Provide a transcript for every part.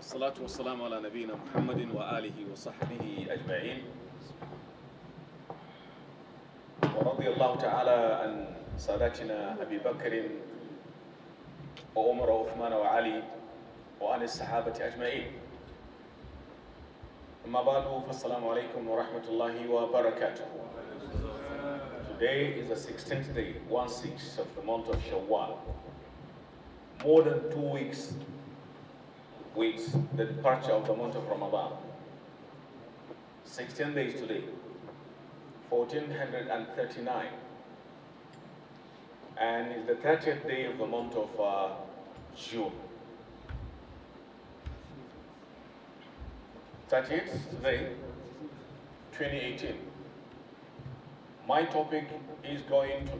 الصلاة والسلام على نبينا محمد وآله وصحبه أجمعين ورضي الله تعالى عن سادتنا أبي بكر وعمر وعثمان وعلي وعن الصحابة أجمعين أما بعد فالسلام عليكم ورحمة الله وبركاته Today is the 16th day, 1 6 of the month of Shawwal. More than two weeks with the departure of the month of Ramadan. 16 days today, 1439, and it's the 30th day of the month of uh, June. 30th today, 2018. My topic is going to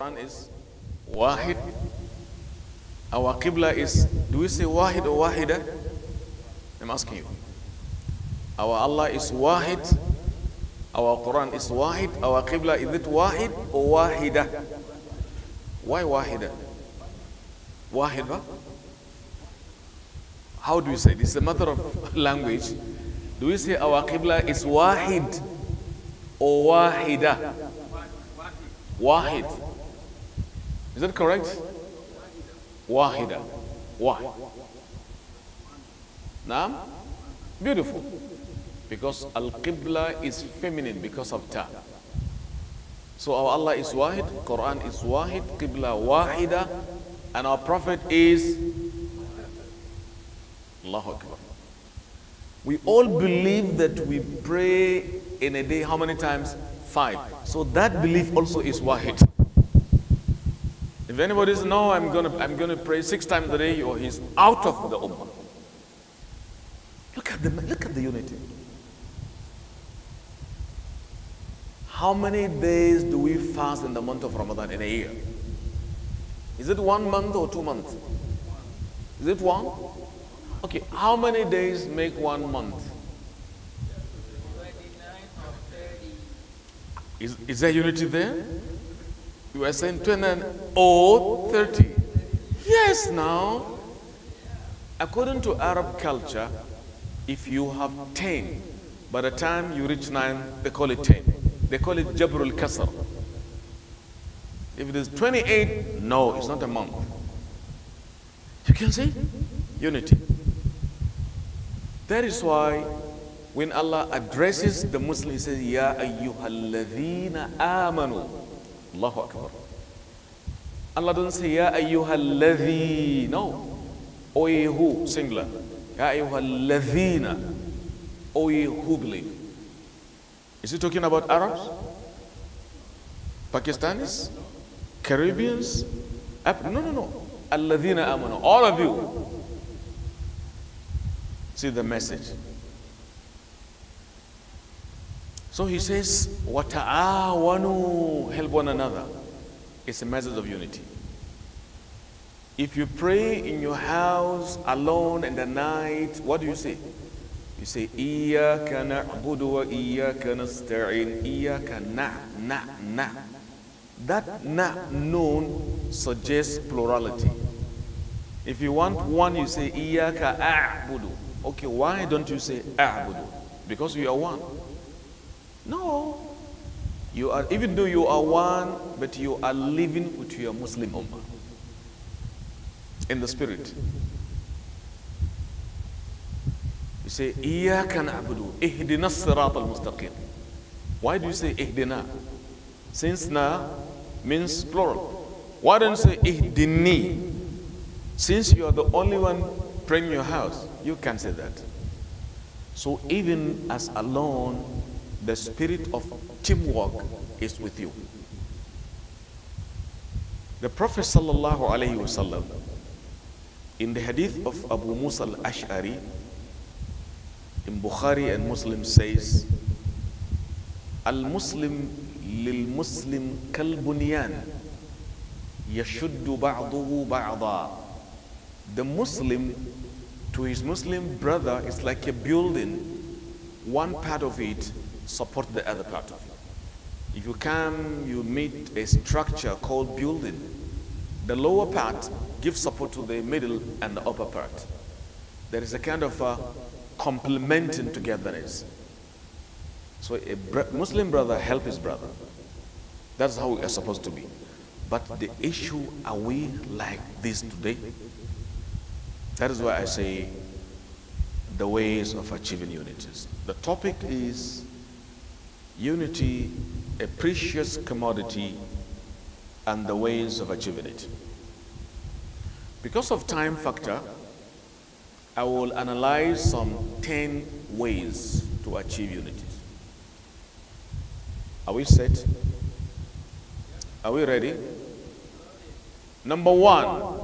Quran is Wahid. Our Qibla is, do we say Wahid or Wahida? I'm asking you. Our Allah is Wahid. Our Quran is Wahid. Our Qibla, is it Wahid or Wahida? Why Wahida? Wahida? How do you say? This is a matter of language. Do we say our Qibla is Wahid or Wahida? Wahid. Wahid. Is that correct? Wahida. Why? Now, beautiful. Because Al Qibla is feminine because of Ta. So our Allah is Wahid, Quran is Wahid, Qibla Wahida, and our Prophet is Allahu Akbar. We all believe that we pray in a day how many times? Five. So that belief also is Wahid. If anybody says, no, I'm going to I'm gonna pray six times a day, or he's out of the ummah. Look at the, look at the unity. How many days do we fast in the month of Ramadan in a year? Is it one month or two months? Is it one? Okay, how many days make one month? Is, is there unity there? You were saying 29, or 30. Yes, now. According to Arab culture, if you have 10, by the time you reach 9, they call it 10. They call it Jabrul Kasr. If it is 28, no, it's not a month. You can see unity. That is why when Allah addresses the Muslims, he says, Ya ayyuhalladhina amanu. الله Akbar. Allah doesn't say, Ya ayyuhalladhi. No. O ye who, singular. Ya ayyuhalladhina. O ye who believe. Is he talking about Arabs? Pakistanis? Caribbeans? No, no, no. Alladhina amanu. All of you. See the message. So he says, وَتَعَاوَنُوا Help one another. It's a message of unity. If you pray in your house alone in the night, what do you say? You say, Iya kana وَإِيَّاكَ Iya kana na, na, na. That na noon suggests plurality. If you want one, you say, إِيَّاكَ abudu.' Okay, why don't you say abudu?' Because you are one. No. You are, even though you are one, but you are living with your Muslim ummah in the spirit. You say, Iyaka na'budu, ihdina sirat al-mustaqim. Why do you say ihdina? Since na means plural. Why don't you say إهدني? Since you are the only one praying in your house, you can say that. So even as alone, the spirit of teamwork is with you. The Prophet sallallahu alaihi wasallam, in the hadith of Abu Musa al-Ash'ari, in Bukhari and Muslim says, Al-Muslim lil-Muslim kal-bunyan yashuddu ba'duhu ba'da. The Muslim to his Muslim brother is like a building. One part of it support the other part of you. If you come, you meet a structure called building. The lower part gives support to the middle and the upper part. There is a kind of a complementing togetherness. So a br Muslim brother help his brother. That's how we are supposed to be. But the issue, are we like this today? That is why I say the ways of achieving unity. The topic is unity a precious commodity and the ways of achieving it. Because of time factor, I will analyze some 10 ways to achieve unity. Are we set? Are we ready? Number one,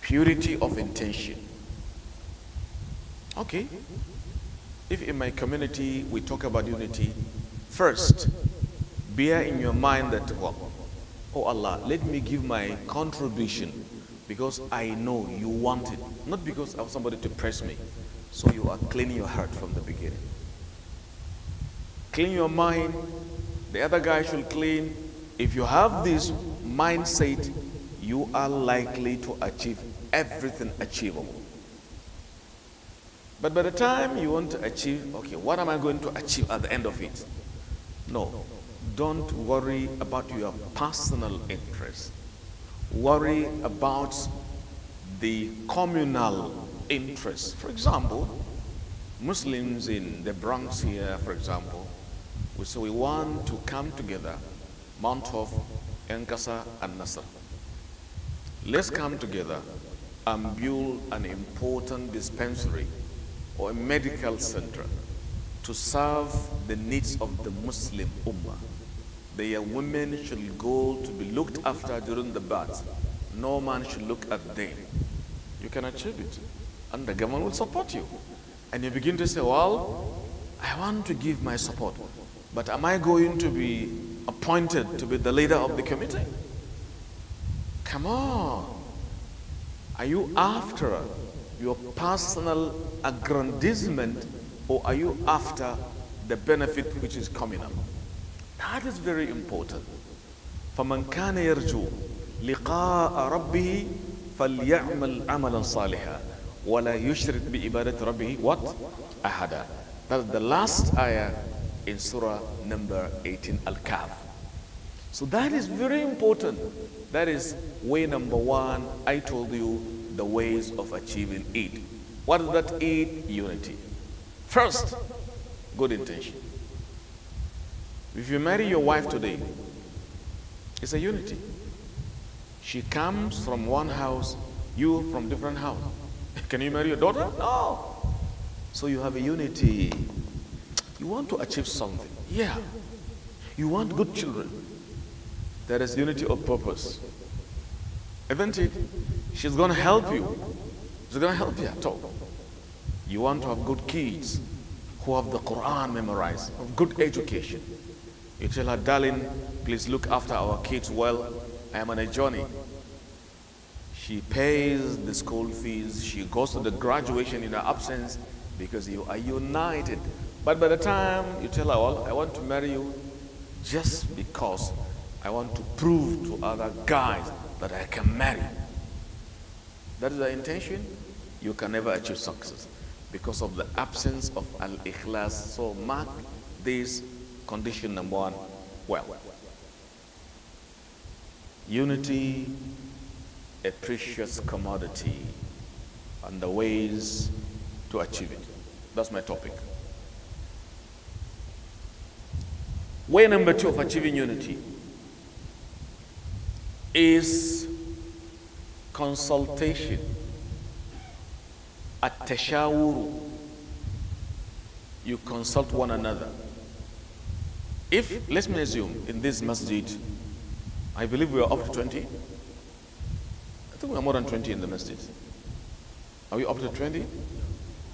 purity of intention. Okay. If in my community we talk about unity, first, bear in your mind that, well, oh Allah, let me give my contribution because I know you want it, not because I want somebody to press me. So you are cleaning your heart from the beginning. Clean your mind. The other guy should clean. If you have this mindset, you are likely to achieve everything achievable. But by the time you want to achieve, okay, what am I going to achieve at the end of it? No, don't worry about your personal interest. Worry about the communal interest. For example, Muslims in the Bronx here, for example, we say we want to come together, Mount Hope, Enkasa, and Nasser. Let's come together and build an important dispensary or a medical center to serve the needs of the Muslim Ummah. Their women should go to be looked after during the birth. No man should look at them. You can achieve it. And the government will support you. And you begin to say, well, I want to give my support. But am I going to be appointed to be the leader of the committee? Come on. Are you after your personal aggrandizement or are you after the benefit which is communal? That is very important. فَمَنْ كَانَ يَرْجُو لِقَاءَ رَبِّهِ فَلْيَعْمَلْ عَمَلًا صَالِحًا وَلَا يُشْرِكْ بِإِبَادَةِ رَبِّهِ What? Ahada. That is the last ayah in Surah number 18, Al-Kahf. So that is very important. That is way number one. I told you the ways of achieving it. What is that it? Unity. First, good intention. If you marry your wife today, it's a unity. She comes from one house, you from different house. Can you marry your daughter? No. So you have a unity. You want to achieve something. Yeah. You want good children. There is unity of purpose. Isn't it? She's going to help you. She's going to help you at all. You want to have good kids who have the Quran memorized, of good education. You tell her, darling, please look after our kids well. I am on a journey. She pays the school fees. She goes to the graduation in her absence because you are united. But by the time you tell her, well, I want to marry you just because I want to prove to other guys that I can marry. That is the intention. You can never achieve success because of the absence of al-ikhlas. So mark this condition number one well. Unity, a precious commodity, and the ways to achieve it. That's my topic. Way number two of achieving unity is consultation, at tashawuru. You consult one another. If, let me assume, in this masjid, I believe we are up to 20. I think we are more than 20 in the masjid. Are we up to 20?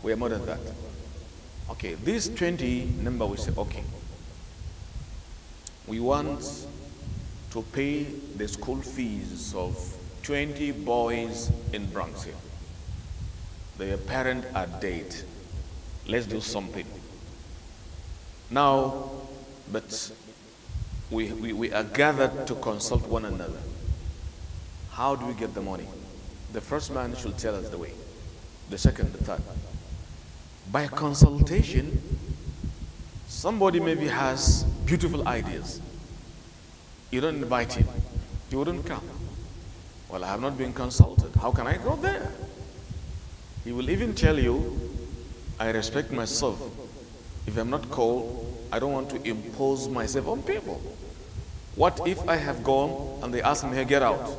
We are more than that. Okay, this 20 number we say, okay, we want to pay the school fees of 20 boys in Bronx. Their parents are dead. Let's do something. Now, but we, we, we are gathered to consult one another. How do we get the money? The first man should tell us the way. The second, the third. By consultation, somebody maybe has beautiful ideas you don't invite him. He wouldn't come. Well, I have not been consulted. How can I go there? He will even tell you, I respect myself. If I'm not called, I don't want to impose myself on people. What if I have gone and they ask me, hey, get out?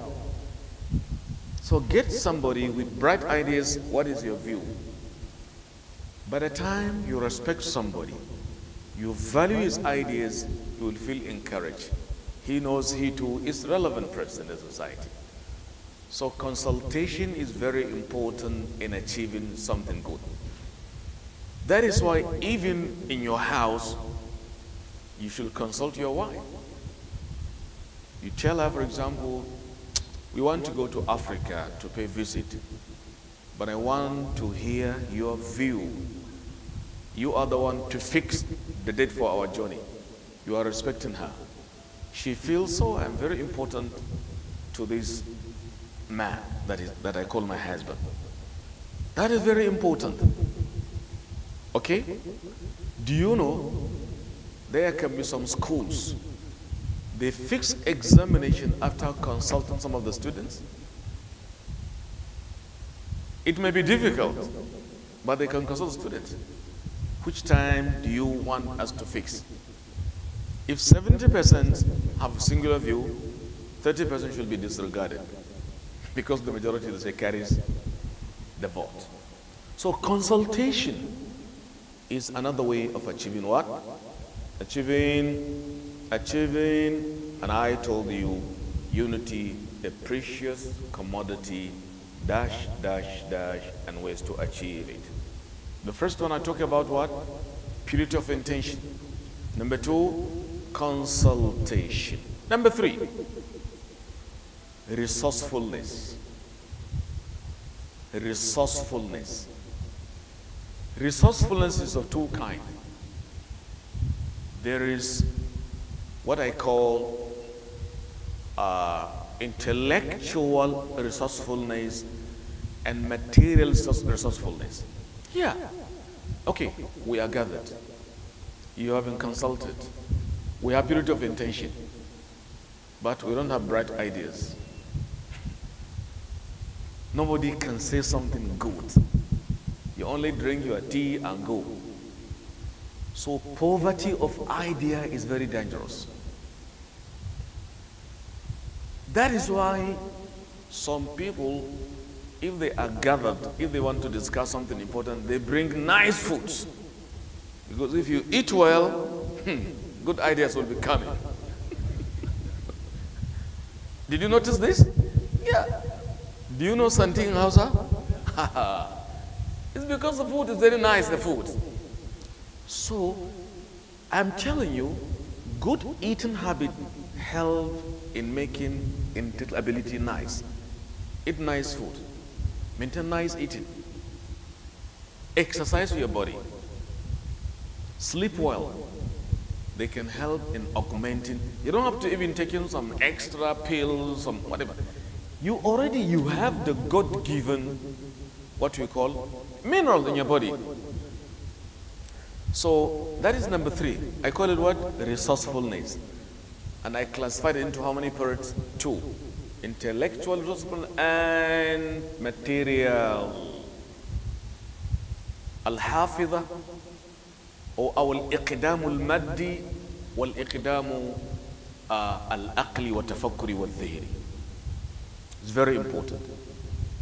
So get somebody with bright ideas. What is your view? By the time you respect somebody, you value his ideas, you will feel encouraged he knows he too is relevant person in society. So consultation is very important in achieving something good. That is why even in your house, you should consult your wife. You tell her, for example, we want to go to Africa to pay visit, but I want to hear your view. You are the one to fix the date for our journey. You are respecting her. She feels, so I'm um, very important to this man that, is, that I call my husband. That is very important. Okay? Do you know there can be some schools, they fix examination after consulting some of the students? It may be difficult, but they can consult the students. Which time do you want us to fix? If 70% have singular view, 30% should be disregarded because the majority, they say, carries the vote. So consultation is another way of achieving what? Achieving, achieving, and I told you, unity, a precious commodity, dash, dash, dash, and ways to achieve it. The first one I talk about what? Purity of intention. Number two, consultation. Number three, resourcefulness. Resourcefulness. Resourcefulness is of two kinds. There is what I call uh, intellectual resourcefulness and material resourcefulness. Yeah. Okay, we are gathered. You haven't consulted. We have purity of intention, but we don't have bright ideas. Nobody can say something good. You only drink your tea and go. So poverty of idea is very dangerous. That is why some people, if they are gathered, if they want to discuss something important, they bring nice foods. Because if you eat well, hmm, Good ideas will be coming. Did you notice this? Yeah. Do you know something in Hausa? it's because the food is very nice, the food. So, I'm telling you, good eating habit help in making intellectual ability nice. Eat nice food. Maintain nice eating. Exercise your body. Sleep well. They can help in augmenting. You don't have to even taking some extra pills, some whatever. You already, you have the God-given, what we call, mineral in your body. So that is number three. I call it what? Resourcefulness. And I classified it into how many parts? Two. Intellectual resourcefulness and material. Al-Hafidah or أو الإقدام المادي والإقدام العقلي والتفكري والذهني It's very important.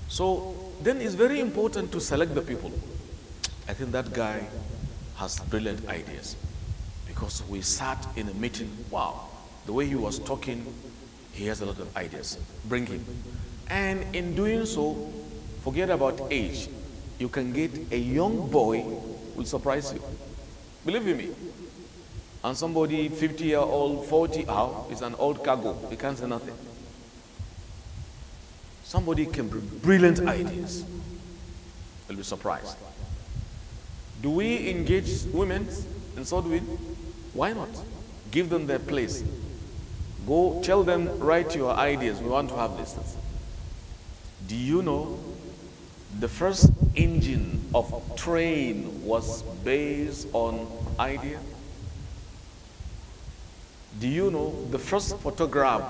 So then it's very important to select the people. I think that guy has brilliant ideas because we sat in a meeting. Wow, the way he was talking, he has a lot of ideas. Bring him. And in doing so, forget about age. You can get a young boy will surprise you. Believe you me. And somebody 50 year old, 40 how oh, is an old cargo. He can't say nothing. Somebody can bring brilliant ideas. You'll be surprised. Do we engage women in so we. Why not? Give them their place. Go tell them, write your ideas. We want to have this. Do you know the first engine of train was based on idea? Do you know the first photograph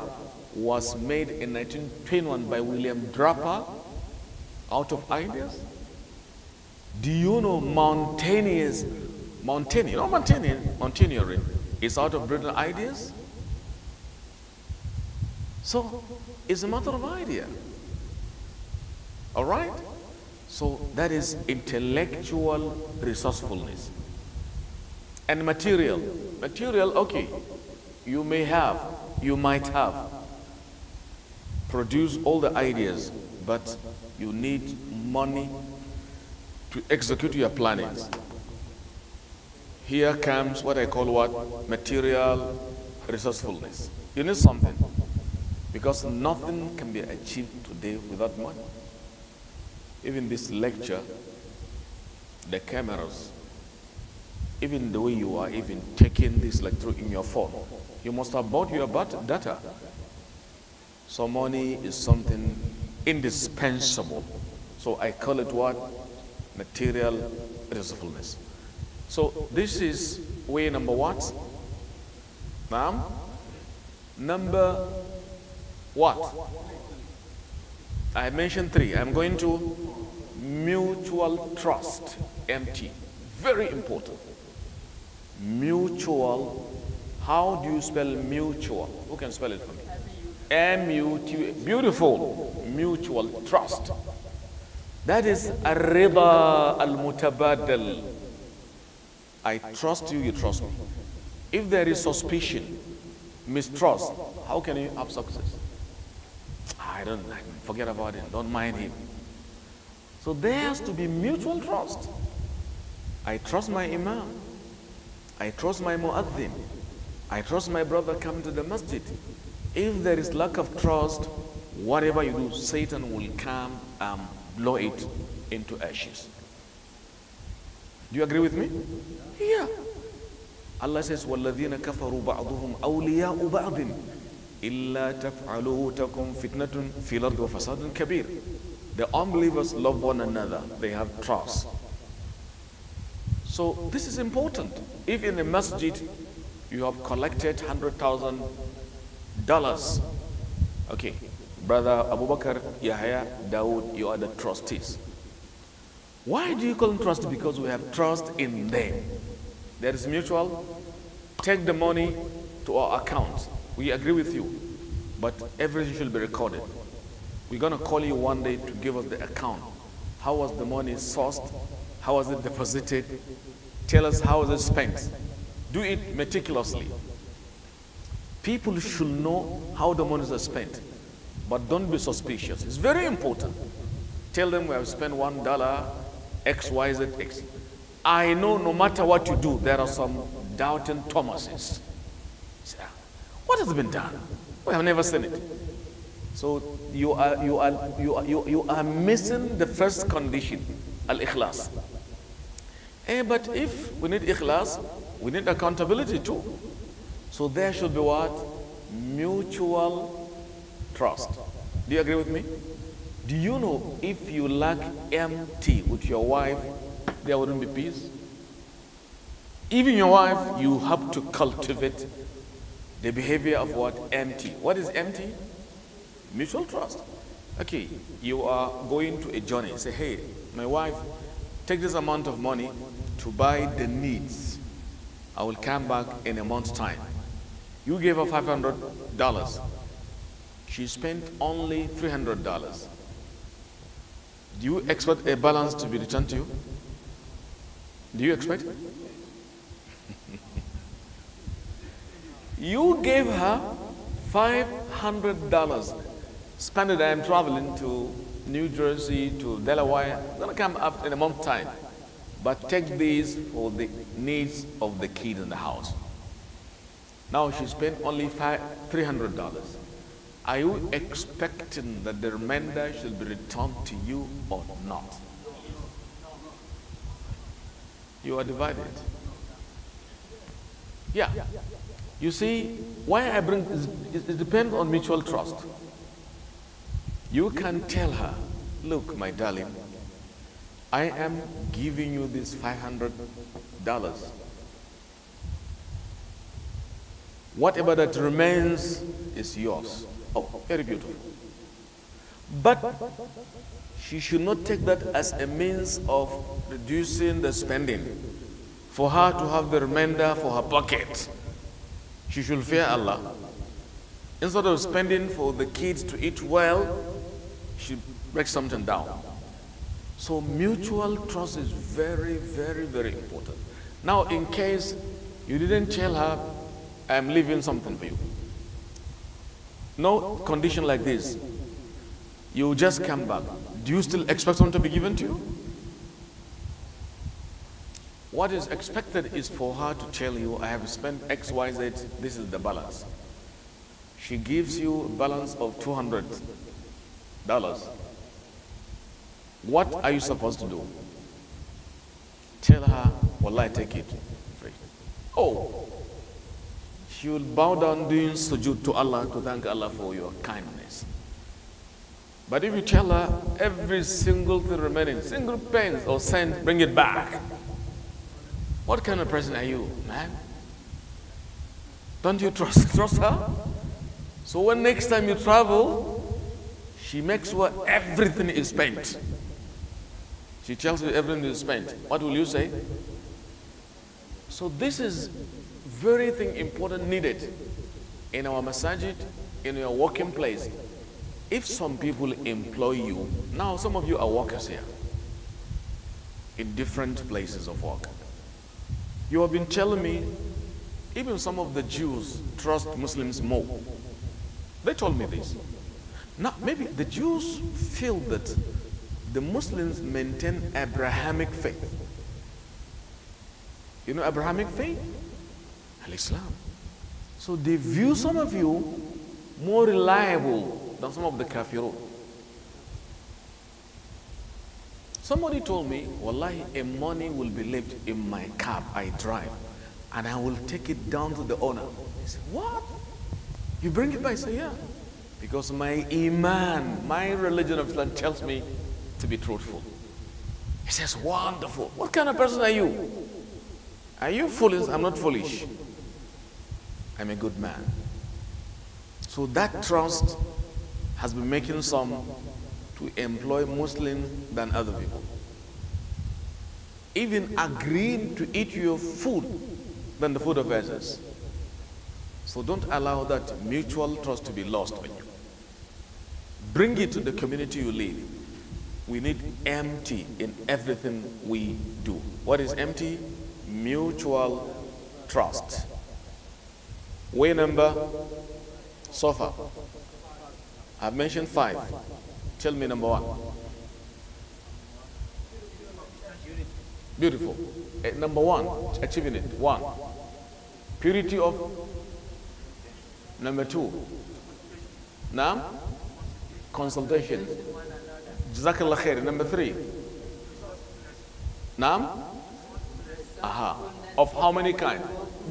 was made in 1921 by William Draper out of ideas? Do you know mountaineers, mountaineer, not mountaineer, mountaineering is out of brutal ideas? So it's a matter of idea. All right? So that is intellectual resourcefulness. And material. Material, okay. You may have, you might have. Produce all the ideas, but you need money to execute your plannings. Here comes what I call what? Material resourcefulness. You need something. Because nothing can be achieved today without money even this lecture, the cameras, even the way you are even taking this lecture in your phone, you must have bought your data. So money is something indispensable. So I call it what? Material usefulness. So this is way number what? Now, number what? I mentioned three. I'm going to Mutual trust, MT, very important. Mutual, how do you spell mutual? Who can spell it for me? M-U-T, beautiful, mutual trust. thats a riba al-rida al-mutabadal. I trust you, you trust me. If there is suspicion, mistrust, how can you have success? I don't, I forget about it, don't mind him. So there has to be mutual trust. I trust my imam. I trust my muaddin. I trust my brother coming to the masjid. If there is lack of trust, whatever you do, Satan will come and blow it into ashes. Do you agree with me? Yeah. Allah says, وَالَّذِينَ كَفَرُوا بَعْضُهُمْ أَوْلِيَاءُ بَعْضٍ إِلَّا تَفْعَلُوا تَكُمْ فِتْنَةٌ فِي الْأَرْضِ وَفَسَادٌ كَبِيرٌ the unbelievers love one another. They have trust. So this is important. If in a masjid you have collected $100,000, okay, brother Abu Bakr, Yahya, Dawood, you are the trustees. Why do you call them trust? Because we have trust in them. There is mutual. Take the money to our account. We agree with you. But everything should be recorded. We're going to call you one day to give us the account. How was the money sourced? How was it deposited? Tell us how was it spent. Do it meticulously. People should know how the monies are spent, but don't be suspicious. It's very important. Tell them we have spent one dollar, X, Y, Z, X. I know no matter what you do, there are some doubting Thomases. Ah, what has been done? We have never seen it. So you are, you are, you are, you, you are missing the first condition, al-ikhlas. Eh, but if we need ikhlas, we need accountability too. So there should be what? Mutual trust. Do you agree with me? Do you know if you lack empty with your wife, there wouldn't be peace? Even your wife, you have to cultivate the behavior of what? Empty. What is empty? Mutual trust. Okay, you are going to a journey. Say, hey, my wife, take this amount of money to buy the needs. I will come back in a month's time. You gave her $500. She spent only $300. Do you expect a balance to be returned to you? Do you expect? you gave her $500 spending time traveling to New Jersey, to Delaware. I'm going to come up in a month time. But take these for the needs of the kid in the house. Now she spent only five, $300. Are you expecting that the remainder shall be returned to you or not? You are divided. Yeah. You see, why I bring it depends on mutual trust. You can tell her, look, my darling, I am giving you this $500. Whatever that remains is yours. Oh, very beautiful. But she should not take that as a means of reducing the spending. For her to have the remainder for her pocket, she should fear Allah. Instead of spending for the kids to eat well, she breaks something down. So mutual trust is very, very, very important. Now, in case you didn't tell her, I'm leaving something for you. No condition like this. You just come back. Do you still expect something to be given to you? What is expected is for her to tell you, I have spent X, Y, Z, this is the balance. She gives you a balance of 200 dollars. What are you supposed to do? Tell her, Will I take it free. Oh, she will bow down doing sujood to Allah to thank Allah for your kindness. But if you tell her every single thing remaining, single pence or cent, bring it back. What kind of person are you, man? Don't you trust, trust her? So when next time you travel, she makes sure everything is spent. She tells you everything is spent. What will you say? So this is very thing important needed in our masajid, in your working place. If some people employ you, now some of you are workers here in different places of work. You have been telling me even some of the Jews trust Muslims more. They told me this. Now, maybe the Jews feel that the Muslims maintain Abrahamic faith. You know Abrahamic faith? Al-Islam. So they view some of you more reliable than some of the kafirun. Somebody told me, Wallahi, a money will be left in my cab I drive and I will take it down to the owner. He said, what? You bring it by? I say, yeah. Because my Iman, my religion of Islam tells me to be truthful. He says, wonderful. What kind of person are you? Are you foolish? I'm not foolish. I'm a good man. So that trust has been making some to employ Muslims than other people. Even agreeing to eat your food than the food of others. So don't allow that mutual trust to be lost on you. Bring it to the community you live. We need empty in everything we do. What is empty? Mutual trust. Way number, so far. I've mentioned five. Tell me number one. Beautiful. Uh, number one, achieving it. One, purity of. Number two, now Consultation. Jazakallah khair. Number three. Nam? Aha. Of how many kind?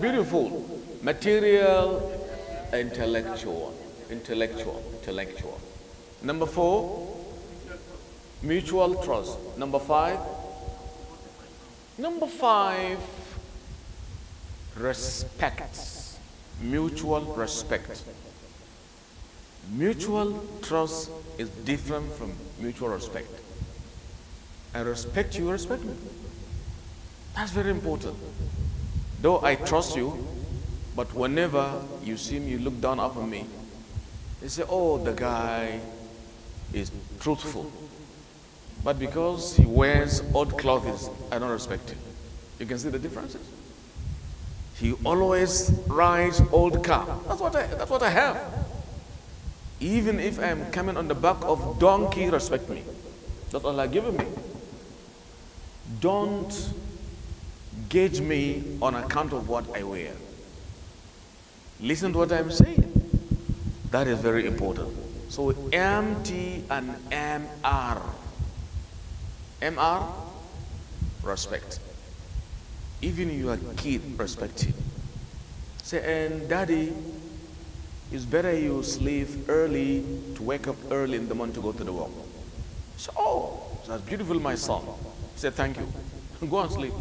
Beautiful. Material, intellectual. Intellectual. Intellectual. Number four. Mutual trust. Number five. Number five. Respect. Mutual respect. Mutual trust is different from mutual respect. I respect you, respect me. That's very important. Though I trust you, but whenever you see me, you look down upon me. They say, oh, the guy is truthful. But because he wears odd clothes, I don't respect him. You can see the differences. He always rides old car. That's what I, that's what I have. Even if I am coming on the back of donkey, respect me. That's Allah given me. Don't gauge me on account of what I wear. Listen to what I'm saying. That is very important. So MT and MR. MR, respect. Even your kid, respect him. Say, and daddy, it's better you sleep early to wake up early in the morning to go to the work. So, oh, that's beautiful, my son. He said, thank you. go and sleep.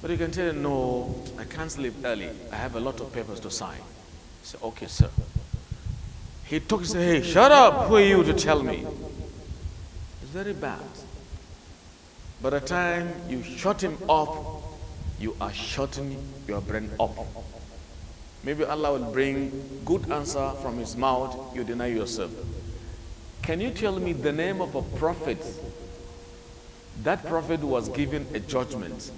But you can tell him, no, I can't sleep early. I have a lot of papers to sign. He said, okay, sir. He took, he said, hey, shut up. Who are you to tell me? It's very bad. By the time you shut him up, you are shutting your brain up. Maybe Allah will bring good answer from his mouth, you deny yourself. Can you tell me the name of a prophet? That prophet was given a judgment.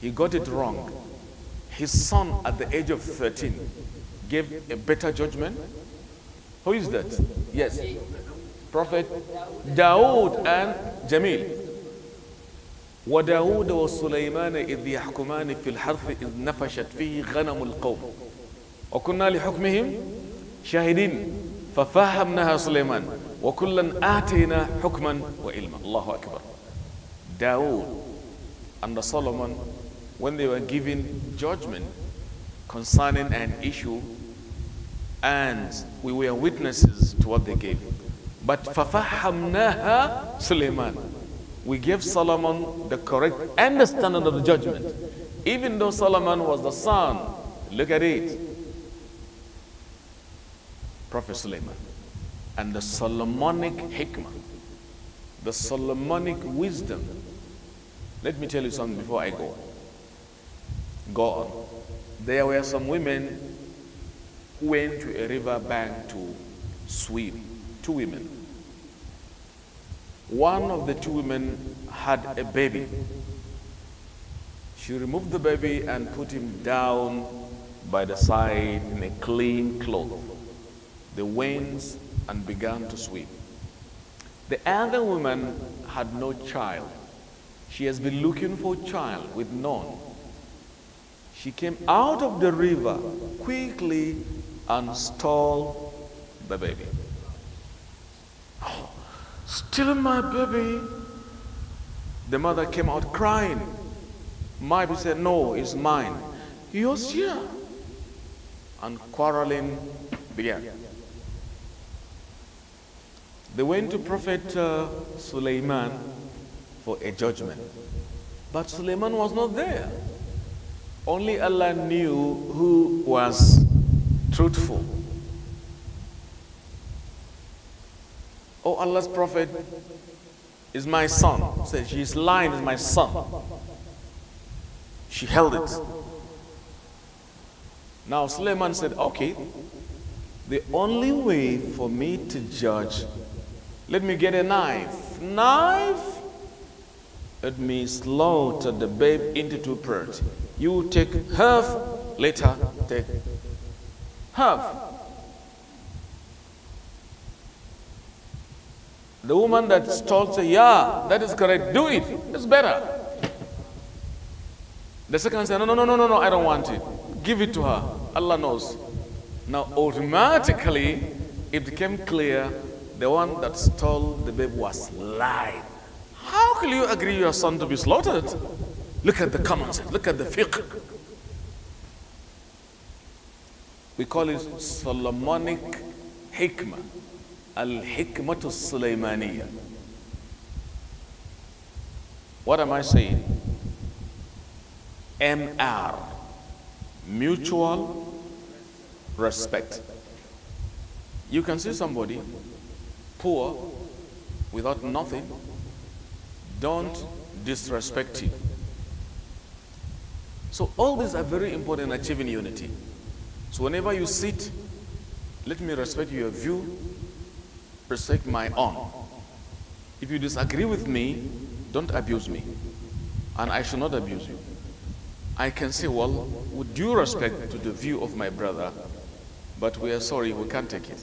He got it wrong. His son at the age of 13 gave a better judgment. Who is that? Yes. Prophet Dawood and Jamil. وداود وسليمان إذ يحكمان في الحرث إذ نفشت فيه غنم القوم وكنا لحكمهم شاهدين ففهمناها سليمان وكلا آتينا حكما وعلما الله أكبر Dawood and Solomon when they were given judgment concerning an issue and we were witnesses to what they gave. But فَفَحَّمْنَاهَا Suleiman. We gave Solomon the correct understanding of the judgment. Even though Solomon was the son, look at it, Prophet Suleiman, and the Solomonic hikmah, the Solomonic wisdom. Let me tell you something before I go. Go on. There were some women who went to a river bank to swim. Two women. One of the two women had a baby. She removed the baby and put him down by the side in a clean cloth the winds and began to sweep. The other woman had no child. She has been looking for a child with none. She came out of the river quickly and stole the baby. Oh, stealing my baby. The mother came out crying. My baby said, No, it's mine. Yours, here. And quarreling began. They went to Prophet uh, Sulaiman for a judgment. But Sulaiman was not there. Only Allah knew who was truthful. Oh, Allah's Prophet is my son. Said, she is lying, is my son. She held it. Now Suleiman said, okay, the only way for me to judge let me get a knife. Knife? Let me slaughter the babe into two parts. You take half, later take half. The woman that stole said, yeah, that is correct. Do it. It's better. The second said, no, no, no, no, no, no, I don't want it. Give it to her. Allah knows. Now, automatically, it became clear the one that stole the baby was lying. How can you agree your son to be slaughtered? Look at the comments. look at the fiqh. We call it Solomonic hikmah, al-hikmatu Sulaymaniyah. What am I saying? MR, mutual respect. You can see somebody poor without nothing, don't disrespect him. So all these are very important in achieving unity. So whenever you sit, let me respect your view, respect my own. If you disagree with me, don't abuse me. And I should not abuse you. I can say, well, with due respect to the view of my brother, but we are sorry, we can't take it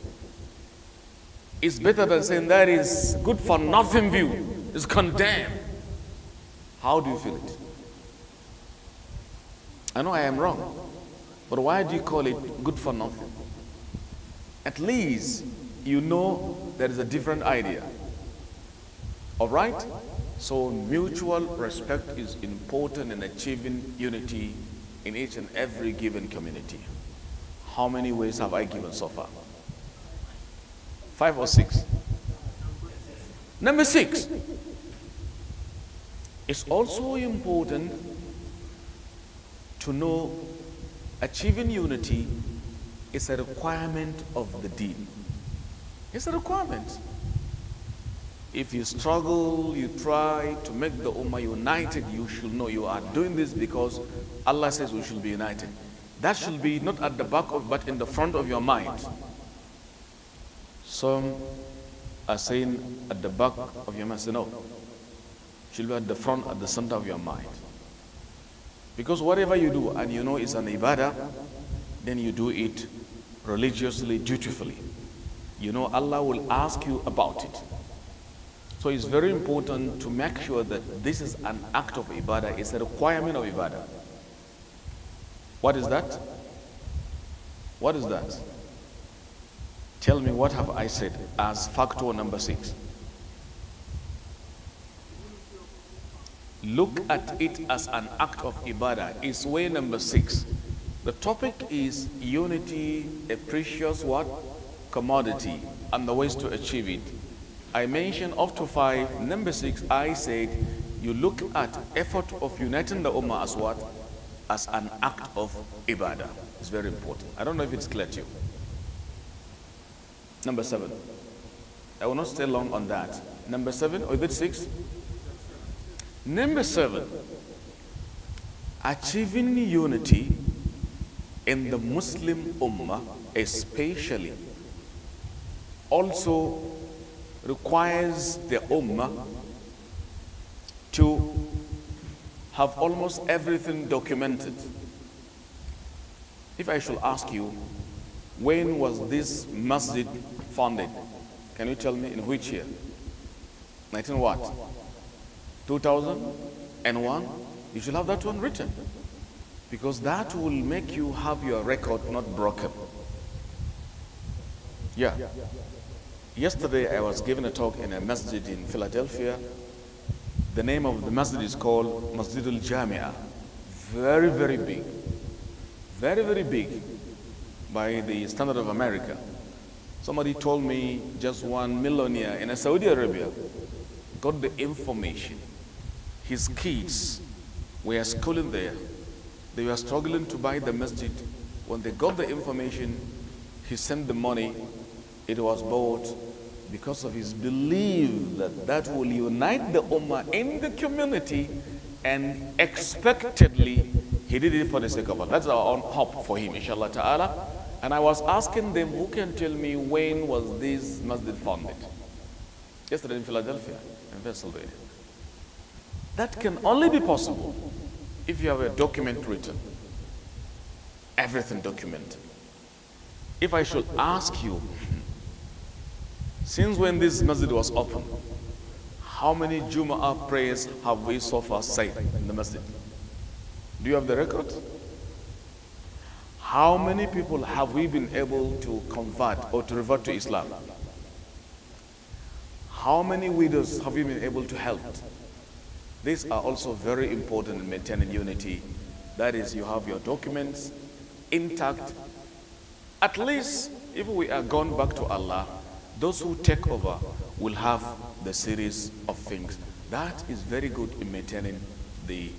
is better than saying that is good for nothing view, is condemned. How do you feel it? I know I am wrong, but why do you call it good for nothing? At least you know there is a different idea. All right? So mutual respect is important in achieving unity in each and every given community. How many ways have I given so far? Five or six? Number six. It's also important to know achieving unity is a requirement of the deen. It's a requirement. If you struggle, you try to make the Ummah united, you should know you are doing this because Allah says we should be united. That should be not at the back of, but in the front of your mind. Some are saying at the back of your mind, say, no, should be at the front, at the center of your mind. Because whatever you do and you know it's an ibadah, then you do it religiously, dutifully. You know Allah will ask you about it. So it's very important to make sure that this is an act of ibadah, it's a requirement of ibadah. What is that? What is that? Tell me what have I said as factor number six. Look at it as an act of ibadah. It's way number six. The topic is unity, a precious what? Commodity and the ways to achieve it. I mentioned up to five. Number six, I said you look at effort of uniting the Ummah as what? As an act of ibadah. It's very important. I don't know if it's clear to you. Number seven. I will not stay long on that. Number seven, or is it six? Number seven, achieving unity in the Muslim Ummah, especially, also requires the Ummah to have almost everything documented. If I should ask you, when was this masjid founded? Can you tell me in which year? 19 what? 2001? You should have that one written. Because that will make you have your record not broken. Yeah. Yesterday I was giving a talk in a masjid in Philadelphia. The name of the masjid is called Masjid al-Jamia. Very, very big. Very, very big by the standard of America. Somebody told me just one millionaire in Saudi Arabia got the information. His kids were schooling there. They were struggling to buy the masjid. When they got the information, he sent the money. It was bought because of his belief that that will unite the Ummah in the community and expectedly he did it for the sake of Allah. That's our own hope for him, inshallah ta'ala. And I was asking them, who can tell me when was this masjid founded? Yesterday in Philadelphia, in Pennsylvania. That can only be possible if you have a document written. Everything documented. If I should ask you, since when this masjid was opened, how many Jumu'ah prayers have we so far said in the masjid? Do you have the record? How many people have we been able to convert or to revert to Islam? How many widows have we been able to help? These are also very important in maintaining unity. That is, you have your documents intact. At least, if we are gone back to Allah, those who take over will have the series of things. That is very good in maintaining the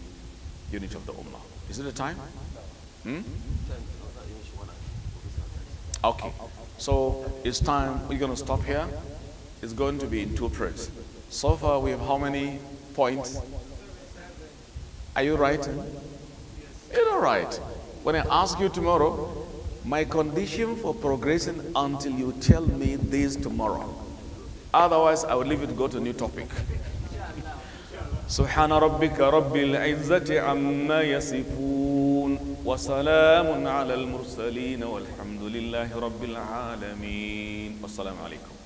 unity of the Ummah. Is it a time? Hmm? Okay. So it's time we're going to stop here. It's going to be in two prayers. So far we have how many points? Are you right? You're all right. When I ask you tomorrow, my condition for progressing until you tell me this tomorrow. Otherwise, I will leave it go to new topic. سبحان ربك رب العزة عما يصفون وسلام على المرسلين والحمد لله رب العالمين والسلام عليكم